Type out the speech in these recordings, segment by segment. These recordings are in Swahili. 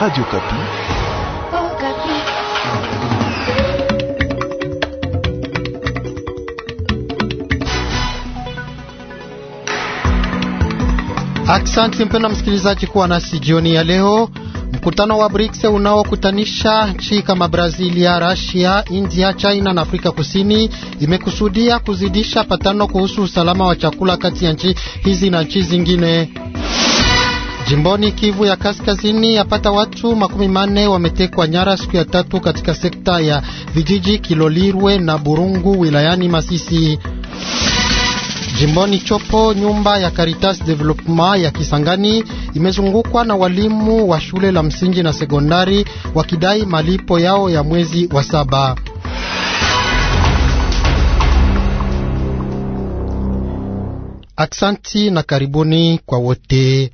Radio Kapi. Oh, Kapi. Aksanti mpenda msikilizaji kuwa nasi jioni ya leo. Mkutano wa BRICS unaokutanisha nchi kama Brazilia, Russia, India, China na Afrika Kusini imekusudia kuzidisha patano kuhusu usalama wa chakula kati ya nchi hizi na nchi zingine. Jimboni Kivu ya Kaskazini yapata watu makumi manne wametekwa nyara siku ya tatu katika sekta ya vijiji Kilolirwe na Burungu wilayani Masisi. Jimboni Chopo, nyumba ya Caritas Development ya Kisangani imezungukwa na walimu wa shule la msingi na sekondari wakidai malipo yao ya mwezi wa saba. Aksanti na karibuni kwa wote.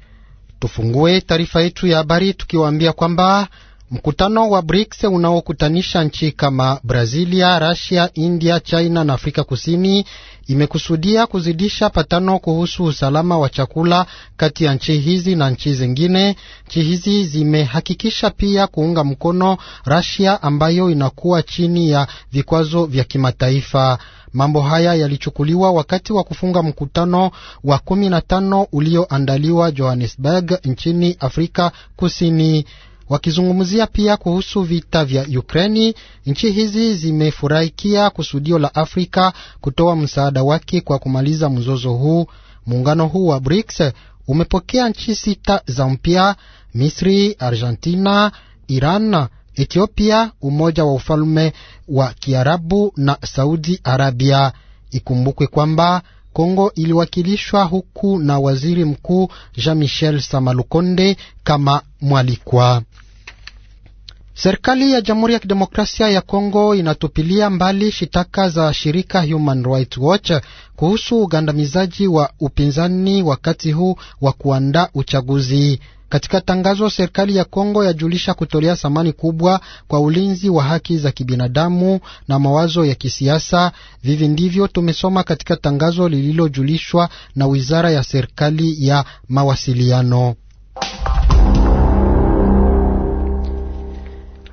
Tufungue taarifa yetu ya habari tukiwaambia kwamba mkutano wa BRICS unaokutanisha nchi kama Brazilia, Russia, India, China na Afrika Kusini imekusudia kuzidisha patano kuhusu usalama wa chakula kati ya nchi hizi na nchi zingine. Nchi hizi zimehakikisha pia kuunga mkono Russia ambayo inakuwa chini ya vikwazo vya kimataifa. Mambo haya yalichukuliwa wakati wa kufunga mkutano wa 15 ulioandaliwa Johannesburg nchini Afrika Kusini wakizungumzia pia kuhusu vita vya Ukraini. Nchi hizi zimefurahikia kusudio la Afrika kutoa msaada wake kwa kumaliza mzozo huu. Muungano huu wa BRICS umepokea nchi sita za mpya: Misri, Argentina, Iran, Ethiopia, Umoja wa Ufalme wa Kiarabu na Saudi Arabia. Ikumbukwe kwamba Kongo iliwakilishwa huku na Waziri Mkuu Jean Michel Samalukonde kama mwalikwa. Serikali ya Jamhuri ya Kidemokrasia ya Kongo inatupilia mbali shitaka za shirika Human Rights Watch kuhusu ugandamizaji wa upinzani wakati huu wa kuandaa uchaguzi. Katika tangazo, serikali ya Kongo yajulisha kutolea thamani kubwa kwa ulinzi wa haki za kibinadamu na mawazo ya kisiasa. Vivi ndivyo tumesoma katika tangazo lililojulishwa na Wizara ya Serikali ya Mawasiliano.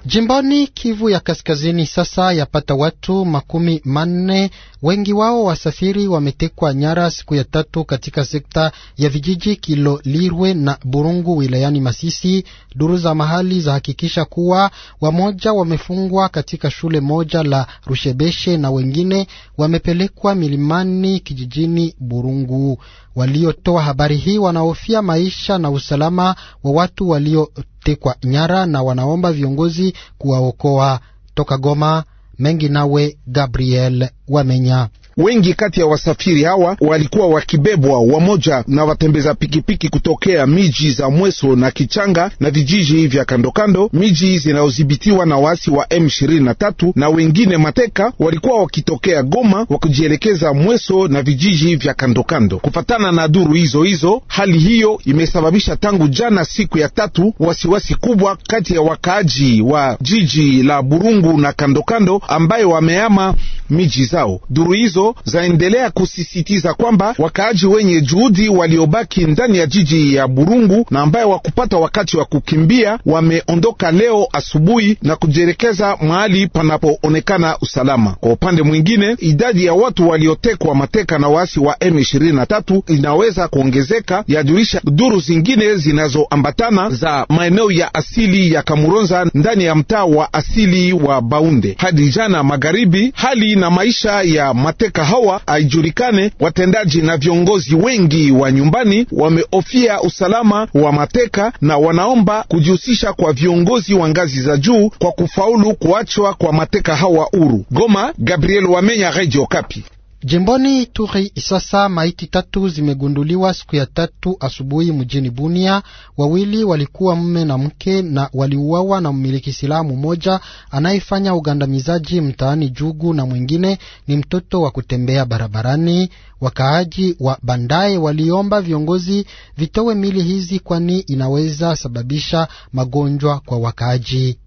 Jimboni Kivu ya Kaskazini sasa yapata watu makumi manne, wengi wao wasafiri, wametekwa nyara siku ya tatu katika sekta ya vijiji Kilolirwe na Burungu wilayani Masisi. Duru za mahali zahakikisha kuwa wamoja wamefungwa katika shule moja la Rushebeshe na wengine wamepelekwa milimani kijijini Burungu. Waliotoa habari hii wanahofia maisha na usalama wa watu walio kutekwa nyara na wanaomba viongozi kuwaokoa. Toka Goma, mengi nawe Gabriel Wamenya. Wengi kati ya wasafiri hawa walikuwa wakibebwa wamoja na watembeza pikipiki kutokea miji za Mweso na Kichanga na vijiji vya kandokando, miji zinazodhibitiwa na waasi wa M23, na wengine mateka walikuwa wakitokea Goma wakujielekeza Mweso na vijiji vya kandokando. Kufatana na duru hizo hizo, hali hiyo imesababisha tangu jana siku ya tatu wasiwasi kubwa kati ya wakaaji wa jiji la Burungu na kandokando ambayo wameama miji zao. Duru hizo zaendelea kusisitiza kwamba wakaaji wenye juhudi waliobaki ndani ya jiji ya Burungu na ambaye wakupata wakati wa kukimbia wameondoka leo asubuhi na kujielekeza mahali panapoonekana usalama. Kwa upande mwingine, idadi ya watu waliotekwa mateka na waasi wa M23 inaweza kuongezeka, yajulisha duru zingine zinazoambatana za maeneo ya asili ya Kamuronza ndani ya mtaa wa asili wa Baunde. Hadi jana magharibi, hali na maisha ya mateka kuwateka hawa haijulikane. Watendaji na viongozi wengi wa nyumbani wameofia usalama wa mateka na wanaomba kujihusisha kwa viongozi wa ngazi za juu kwa kufaulu kuachwa kwa mateka hawa uru. Goma, Gabriel Wamenya, Radio Kapi. Jimboni Ituri sasa maiti tatu zimegunduliwa siku ya tatu asubuhi mjini Bunia. Wawili walikuwa mume na mke na waliuawa na mmiliki silaha mmoja anayefanya ugandamizaji mtaani Jugu, na mwingine ni mtoto wa kutembea barabarani. Wakaaji wa bandaye waliomba viongozi vitowe mili hizi, kwani inaweza sababisha magonjwa kwa wakaaji.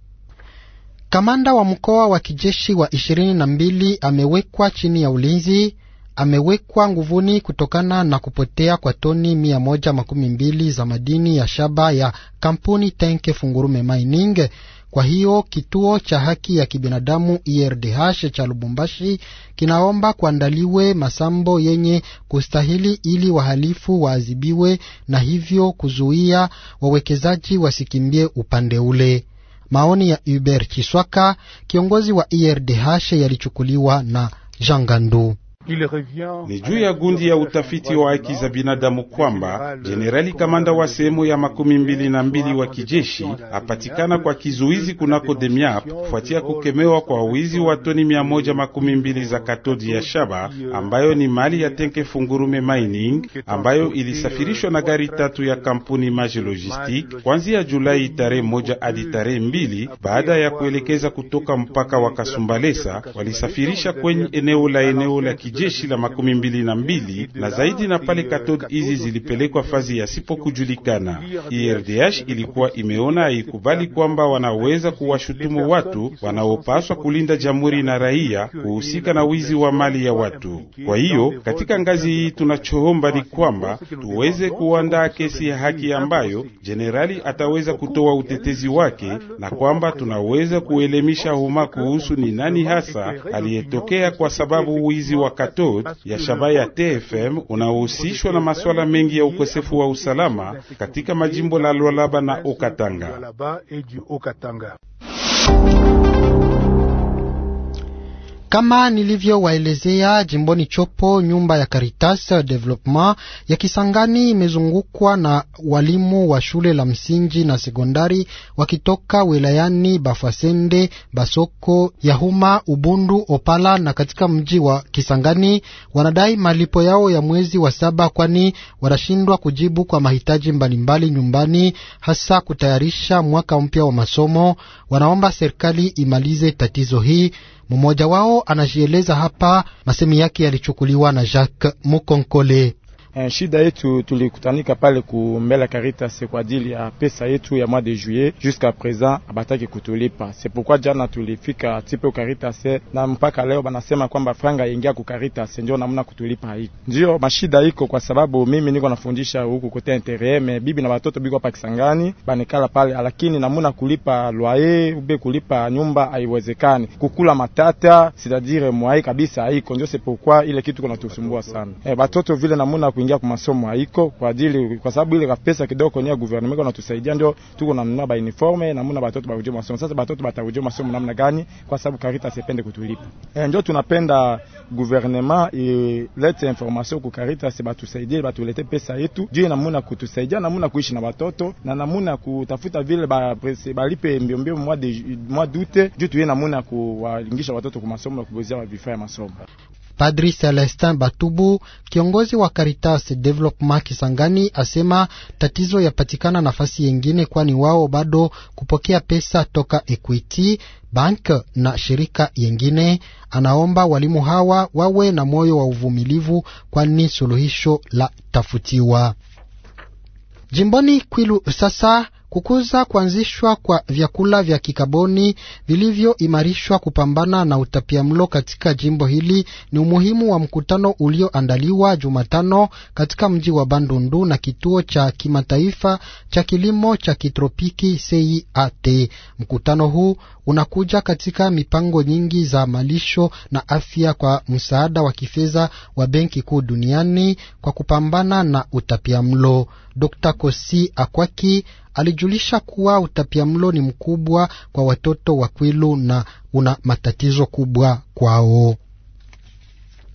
Kamanda wa mkoa wa kijeshi wa ishirini na mbili amewekwa chini ya ulinzi, amewekwa nguvuni kutokana na kupotea kwa toni mia moja makumi mbili za madini ya shaba ya kampuni Tenke Fungurume Mining. Kwa hiyo kituo cha haki ya kibinadamu IRDH cha Lubumbashi kinaomba kuandaliwe masambo yenye kustahili ili wahalifu waadhibiwe na hivyo kuzuia wawekezaji wasikimbie upande ule. Maoni ya Hubert Chiswaka, kiongozi wa IRDH, yalichukuliwa na Jangandu. Ni juu ya gundi ya utafiti wa haki za binadamu kwamba jenerali kamanda wa sehemu ya makumi mbili na mbili wa kijeshi apatikana kwa kizuizi kunako Demiap kufuatia kukemewa kwa wizi wa toni mia moja makumi mbili za katodi ya shaba ambayo ni mali ya Tenke Fungurume Mining ambayo ilisafirishwa na gari tatu ya kampuni Maji Logistique kuanzia Julai tarehe moja hadi tarehe mbili baada ya kuelekeza kutoka mpaka wa Kasumbalesa walisafirisha kwenye eneo la eneo la jeshi la makumi mbili na mbili na zaidi na pale katod hizi zilipelekwa fazi yasipokujulikana. IRDH ilikuwa imeona haikubali kwamba wanaweza kuwashutumu watu wanaopaswa kulinda jamhuri na raia kuhusika na wizi wa mali ya watu. Kwa hiyo katika ngazi hii tunachoomba ni kwamba tuweze kuandaa kesi ya haki ambayo jenerali ataweza kutoa utetezi wake na kwamba tunaweza kuelemisha umma kuhusu ni nani hasa aliyetokea kwa sababu wizi wa Katod ya shaba ya TFM unaohusishwa na masuala mengi ya ukosefu wa usalama katika majimbo la Lualaba na Okatanga. Kama nilivyowaelezea jimboni Chopo, nyumba ya Caritas Development ya Kisangani imezungukwa na walimu wa shule la msingi na sekondari wakitoka wilayani Bafasende, Basoko, Yahuma, Ubundu, Opala na katika mji wa Kisangani wanadai malipo yao ya mwezi wa saba, kwani wanashindwa kujibu kwa mahitaji mbalimbali nyumbani, hasa kutayarisha mwaka mpya wa masomo. Wanaomba serikali imalize tatizo hii. Mmoja wao anajieleza hapa, masemi yake yalichukuliwa na Jacques Mukonkole. Eh, shida yetu tulikutanika pale kumbela Caritas kwa ajili ya pesa yetu ya mwezi de juillet, jusqu'à présent abataki kutulipa. C'est pourquoi jana tulifika tipe Caritas na mpaka leo banasema kwamba franga ingia ku Caritas ndio namna kutulipa haiko. Ndio mashida iko kwa sababu mimi niko nafundisha huku kote NTRM, bibi na watoto biko hapa Kisangani, banikala pale lakini namuna kulipa loyer ube kulipa nyumba haiwezekani. Kukula matata, c'est-à-dire mwai kabisa haiko. Ndio c'est pourquoi ile kitu kinatusumbua sana. Eh, batoto vile namuna ku kuingia kwa masomo haiko kwa ajili, kwa sababu ile pesa kidogo kwenye government wanatusaidia, ndio tuko nanunua ba uniforme na mna batoto ba ujoma masomo. Sasa batoto batajua masomo namna gani? Kwa sababu Caritas ipende kutulipa eh, ndio tunapenda government ilete information ku Caritas, batusaidie batulete pesa yetu juu namuna kutusaidia namuna kuishi na batoto na namuna kutafuta vile ba balipe mbio mbio mwa de mwa dute juu tuye namuna kuwalingisha watoto kwa masomo na kubozea vifaa vya masomo. Padri Celestin Batubu, kiongozi wa Caritas Development Kisangani, asema tatizo yapatikana nafasi yengine, kwani wao bado kupokea pesa toka Equity bank na shirika yengine. Anaomba walimu hawa wawe na moyo wa uvumilivu, kwani suluhisho la tafutiwa jimboni Kwilu sasa kukuza kuanzishwa kwa vyakula vya kikaboni vilivyoimarishwa kupambana na utapiamlo katika jimbo hili ni umuhimu wa mkutano ulioandaliwa Jumatano katika mji wa Bandundu na kituo cha kimataifa cha kilimo cha kitropiki CIAT. Mkutano huu unakuja katika mipango nyingi za malisho na afya kwa msaada wa kifedha wa Benki Kuu Duniani kwa kupambana na utapiamlo. Dr. Kosi Akwaki alijulisha kuwa utapiamlo ni mkubwa kwa watoto wa Kwilu na una matatizo kubwa kwao.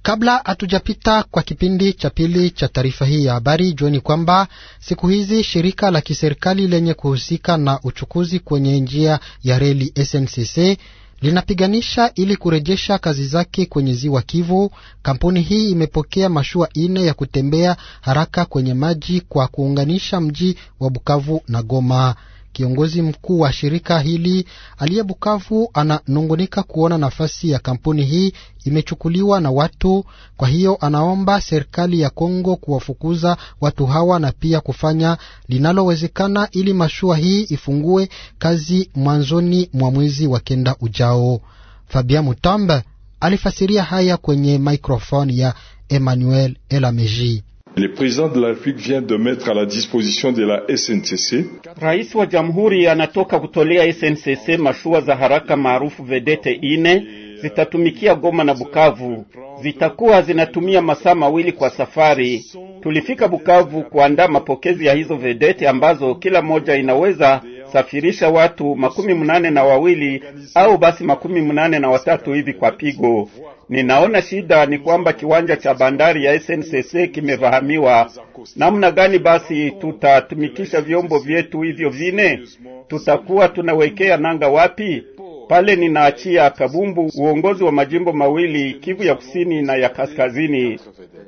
Kabla hatujapita kwa kipindi cha pili cha taarifa hii ya habari, jueni kwamba siku hizi shirika la kiserikali lenye kuhusika na uchukuzi kwenye njia ya reli SNCC linapiganisha ili kurejesha kazi zake kwenye ziwa Kivu. Kampuni hii imepokea mashua ine ya kutembea haraka kwenye maji kwa kuunganisha mji wa Bukavu na Goma. Kiongozi mkuu wa shirika hili aliye Bukavu ananungunika kuona nafasi ya kampuni hii imechukuliwa na watu. Kwa hiyo anaomba serikali ya Kongo kuwafukuza watu hawa na pia kufanya linalowezekana ili mashua hii ifungue kazi mwanzoni mwa mwezi wa kenda ujao. Fabien Mutamba alifasiria haya kwenye maikrofoni ya Emmanuel Elameji. Le président de la vient de mettre à la disposition de la SNCC. Rais wa Jamhuri anatoka kutolea SNCC mashua za haraka maarufu vedete ine zitatumikia Goma na Bukavu. Zitakuwa zinatumia masaa mawili kwa safari. Tulifika Bukavu kuandaa mapokezi ya hizo vedete ambazo kila moja inaweza safirisha watu makumi mnane na wawili au basi makumi mnane na watatu hivi kwa pigo. Ninaona shida ni kwamba kiwanja cha bandari ya SNCC kimevahamiwa. Namna gani basi tutatumikisha vyombo vyetu hivyo vine? Tutakuwa tunawekea nanga wapi? Pale ninaachia kabumbu uongozi wa majimbo mawili Kivu ya Kusini na ya Kaskazini.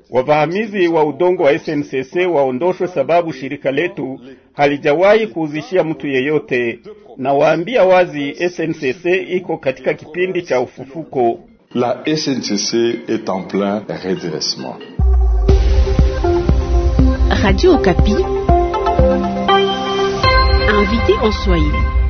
Wavahamizi wa udongo wa SNCC waondoshwe, sababu shirika letu halijawahi kuuzishia mtu yeyote. Na waambia wazi, SNCC iko katika kipindi cha ufufuko. La SNCC est en plein redressement. Radio Okapi, invité en soirée.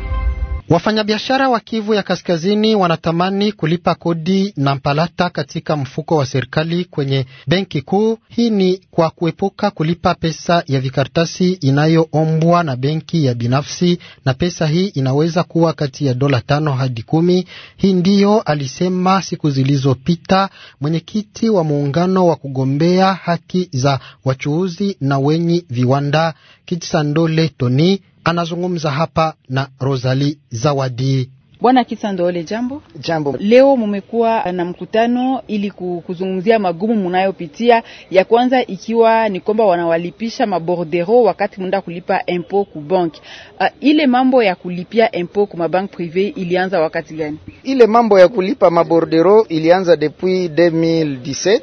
Wafanyabiashara wa Kivu ya Kaskazini wanatamani kulipa kodi na mpalata katika mfuko wa serikali kwenye benki kuu. Hii ni kwa kuepuka kulipa pesa ya vikaratasi inayoombwa na benki ya binafsi, na pesa hii inaweza kuwa kati ya dola tano hadi kumi. Hii ndiyo alisema siku zilizopita mwenyekiti wa muungano wa kugombea haki za wachuuzi na wenye viwanda Kitsandole Toni anazungumza hapa na Rosalie Zawadi. Bwana Kisandole, jambo jambo. Leo mumekuwa na mkutano ili kuzungumzia magumu munayopitia. Ya kwanza ikiwa ni kwamba wanawalipisha mabordero wakati munda kulipa impo ku bank. Uh, ah, ile mambo ya kulipia impo ku mabank prive ilianza wakati gani? Ile mambo ya kulipa mabordero ilianza depuis 2017.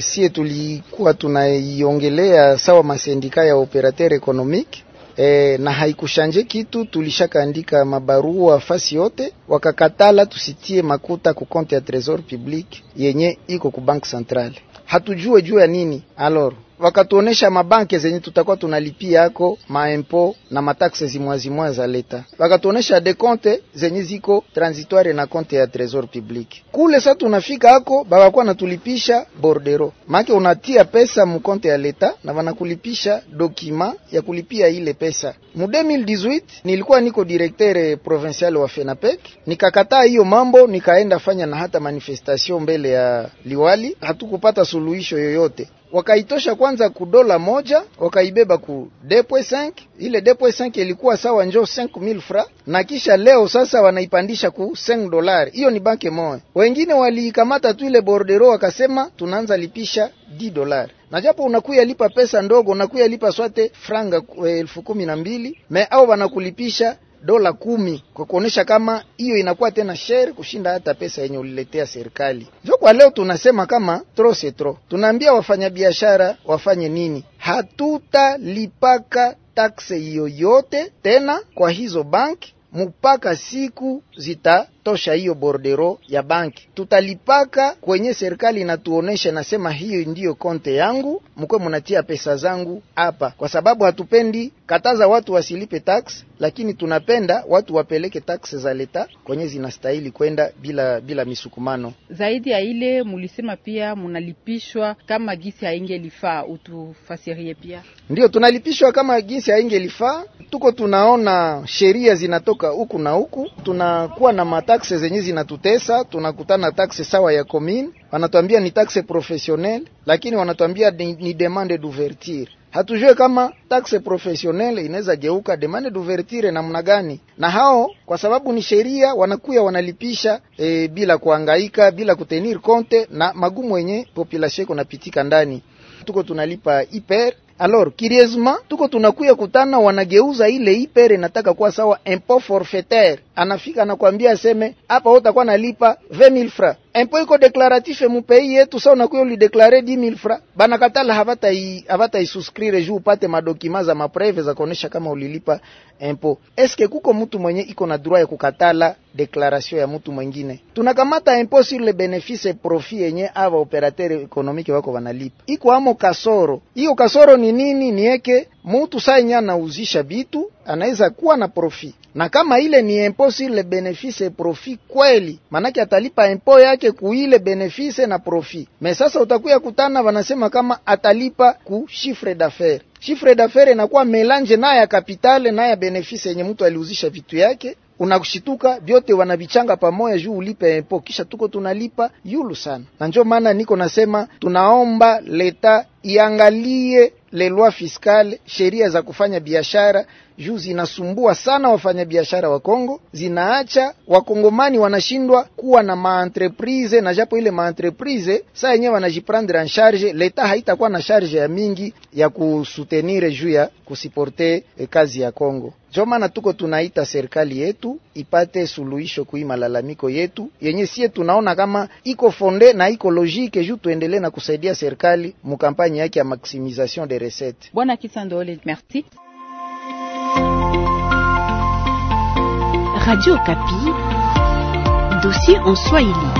Sie tulikuwa tunaiongelea sawa masendika ya operateur economique e, na haikushanje kitu. Tulishakaandika mabarua fasi yote, wakakatala tusitie makuta ku compte ya Tresor Public yenye iko ku Bank Centrale. Hatujue juu ya nini alor wakatuonesha mabanke zenye tutakuwa tunalipia tunalipiako maimpo na zimwazi zimwazimwa za leta, wakatuonesha dekonte zenye ziko transitoire na konte ya tresor public. Kule sa tunafika ako babakuwa natulipisha bordero, make unatia pesa mukonte ya leta na wanakulipisha dokima ya kulipia ile pesa. Mu 2018 nilikuwa niko directeur provincial wa FENAPEC, nikakataa hiyo mambo, nikaenda fanya na hata manifestation mbele ya liwali, hatukupata suluhisho yoyote wakaitosha kwanza ku dola moja, wakaibeba ku depwe 5. Ile depwe 5 ilikuwa sawa njo 5000 fra, na kisha leo sasa wanaipandisha ku 5 dolari. Hiyo ni banke moja. Wengine waliikamata tu ile bordero, wakasema tunaanza lipisha 10 dolari na japo unakuya lipa pesa ndogo, unakuya lipa swate franga eh, elfu kumi na mbili me au wanakulipisha dola kumi kwa kuonesha kama hiyo inakuwa tena share kushinda hata pesa yenye uliletea serikali. Njo kwa leo tunasema kama tro se tro, tunaambia wafanyabiashara wafanye nini? Hatutalipaka takse yoyote tena kwa hizo banki mpaka siku zitatosha hiyo bordero ya banki, tutalipaka kwenye serikali inatuonesha, nasema hiyo ndiyo konte yangu, mkwe munatia pesa zangu hapa, kwa sababu hatupendi kataza watu wasilipe tax, lakini tunapenda watu wapeleke tax za leta kwenye zinastahili kwenda bila, bila misukumano. Zaidi ya ile mulisema pia munalipishwa kama gisi haingelifaa, utufasirie pia. Ndiyo tunalipishwa kama gisi haingelifaa, tuko tunaona sheria zinatoka kutoka huku na huku, tunakuwa na mataxe zenye zinatutesa. Tunakutana taxe sawa ya commune, wanatuambia ni taxe professionnel, lakini wanatuambia ni, ni demande d'ouverture. Hatujue kama taxe professionnel inaweza geuka demande d'ouverture namna gani, na hao kwa sababu ni sheria wanakuya wanalipisha e, bila kuangaika bila kutenir compte na magumu yenye population iko napitika ndani, tuko tunalipa hyper Alors curieusement tuko tunakuya kutana wanageuza ile ipere nataka kuwa sawa impôt forfaitaire anafika anakwambia aseme hapa wewe utakuwa nalipa 20000 francs. Impôt iko declaratif mu pays yetu, sasa unakuwa ulideklare 10000 francs, bana katala havata i, havata isuscrire juu upate madokima za mapreve za kuonesha kama ulilipa impôt. Eske kuko mtu mwenye iko na droit ya kukatala declaration ya mtu mwingine? Tunakamata impôt sur le bénéfice et profit yenye ava operateur économique wako wanalipa, iko amo kasoro. Hiyo kasoro ni nini? ni Nieke mutu sanya anauzisha bitu anaweza kuwa na profi, na kama ile ni impossible benefice et profit kweli, manake atalipa impo yake kuile benefice na profi. Me sasa utakuya kutana wanasema kama atalipa ku chiffre d'affaires chiffre d'affaires inakuwa melange na ya kapitale na ya benefice yenye mtu aliuzisha vitu yake, unakushituka vyote wanavichanga pamoja juu ulipe impo, kisha tuko tunalipa yulu sana. Na ndio maana niko nasema tunaomba leta iangalie les lois fiscales, sheria za kufanya biashara juu zinasumbua sana wafanyabiashara wa Kongo, zinaacha wakongomani wanashindwa kuwa na maentreprise, na japo ile maentreprise saa yenyewe wanajiprendre en charge, leta haitakuwa na charge ya mingi ya kusutenire juu ya kusiporte eh, kazi ya Kongo. Njo maana tuko tunaita serikali yetu ipate suluhisho kui malalamiko yetu yenye sie tunaona kama iko fonde na iko logique juu tuendelee na kusaidia serikali mukampani yake ya maximisation de recette. Bwana Kisandole, merci. Radio Kapi, dossier en Swahili.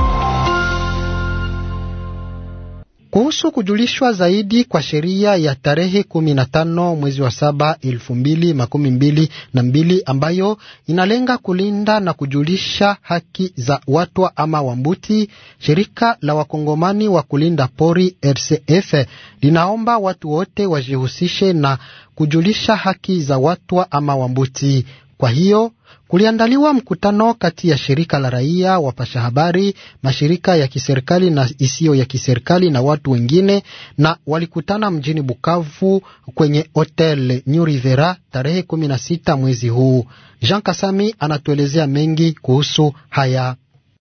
kuhusu kujulishwa zaidi kwa sheria ya tarehe kumi na tano mwezi wa saba elfu mbili makumi mbili na mbili ambayo inalenga kulinda na kujulisha haki za watwa ama Wambuti. Shirika la wakongomani wa kulinda pori RCF linaomba watu wote wajihusishe na kujulisha haki za watwa ama Wambuti. Kwa hiyo Kuliandaliwa mkutano kati ya shirika la raia, wapasha habari, mashirika ya kiserikali na isiyo ya kiserikali na watu wengine, na walikutana mjini Bukavu kwenye hotel New Rivera tarehe 16 mwezi huu. Jean Kasami anatuelezea mengi kuhusu haya.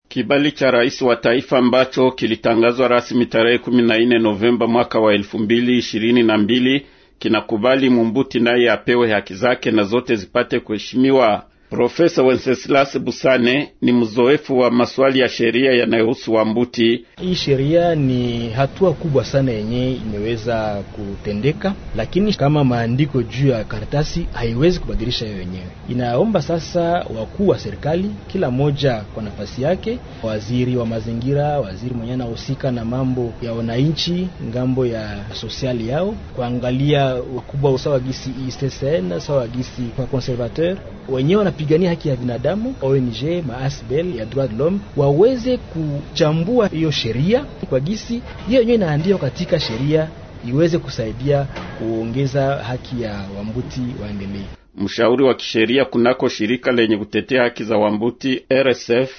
Kibali cha rais wa taifa ambacho kilitangazwa rasmi tarehe 14 Novemba mwaka wa 2022 kinakubali Mumbuti naye apewe haki zake na zote zipate kuheshimiwa. Profesa Wenceslas Busane ni mzoefu wa maswali ya sheria yanayohusu Wambuti. Hii sheria ni hatua kubwa sana yenye imeweza kutendeka, lakini kama maandiko juu ya karatasi haiwezi kubadilisha hiyo yenyewe. Inaomba sasa wakuu wa serikali, kila mmoja kwa nafasi yake, waziri wa mazingira, waziri mwenyewe anahusika na mambo ya wananchi, ngambo ya sosiali yao, kuangalia wakubwa usawa gisi ICCN sawa gisi kwa conservateur wenyewe wanapigania haki ya binadamu, ONG maasbel ya droit de l'homme waweze kuchambua hiyo sheria kwa gisi hiyo yenyewe inaandikwa katika sheria iweze kusaidia kuongeza haki ya wambuti waendelee. Mshauri wa kisheria kunako shirika lenye kutetea haki za wambuti RSF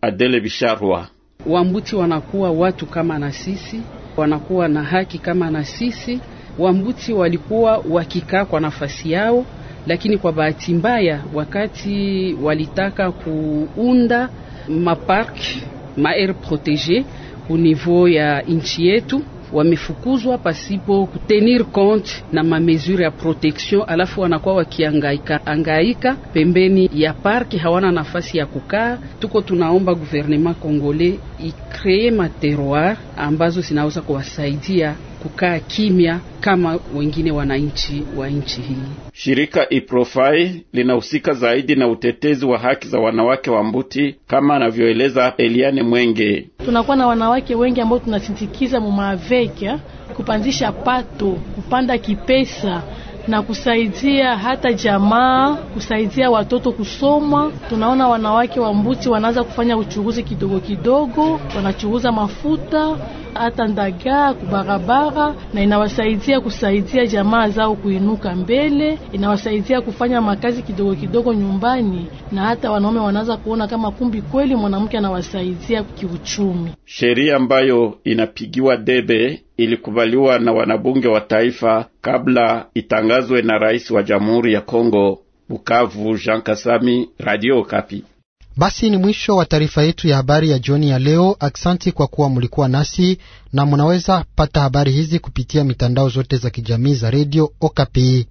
Adele Bisharwa, wambuti wanakuwa watu kama na sisi, wanakuwa na haki kama na sisi. Wambuti walikuwa wakikaa kwa nafasi yao lakini kwa bahati mbaya, wakati walitaka kuunda mapark maair protege au niveau ya nchi yetu wamefukuzwa pasipo kutenir compte na mamesure ya protection, alafu wanakuwa wakiangaika angaika pembeni ya parki, hawana nafasi ya kukaa. Tuko tunaomba gouvernement congolais ikree materoir ambazo zinaweza kuwasaidia kukaa kimya kama wengine wananchi wa nchi hii. Shirika Iprofai linahusika zaidi na utetezi wa haki za wanawake wa Mbuti, kama anavyoeleza Eliane Mwenge. Tunakuwa na wanawake wengi ambao tunasindikiza mumaveka kupanzisha pato, kupanda kipesa na kusaidia hata jamaa, kusaidia watoto kusoma. Tunaona wanawake wa Mbuti wanaanza kufanya uchunguzi kidogo kidogo, wanachunguza mafuta hata ndagaa kubarabara, na inawasaidia kusaidia jamaa zao kuinuka mbele, inawasaidia kufanya makazi kidogo kidogo nyumbani, na hata wanaume wanaanza kuona kama kumbi kweli mwanamke anawasaidia kiuchumi. Sheria ambayo inapigiwa debe ilikubaliwa na wanabunge wa taifa kabla itangazwe na rais wa Jamhuri ya Kongo. Bukavu, Jean Kasami, Radio Kapi. Basi ni mwisho wa taarifa yetu ya habari ya jioni ya leo. Aksanti kwa kuwa mlikuwa nasi na munaweza pata habari hizi kupitia mitandao zote za kijamii za redio Okapi.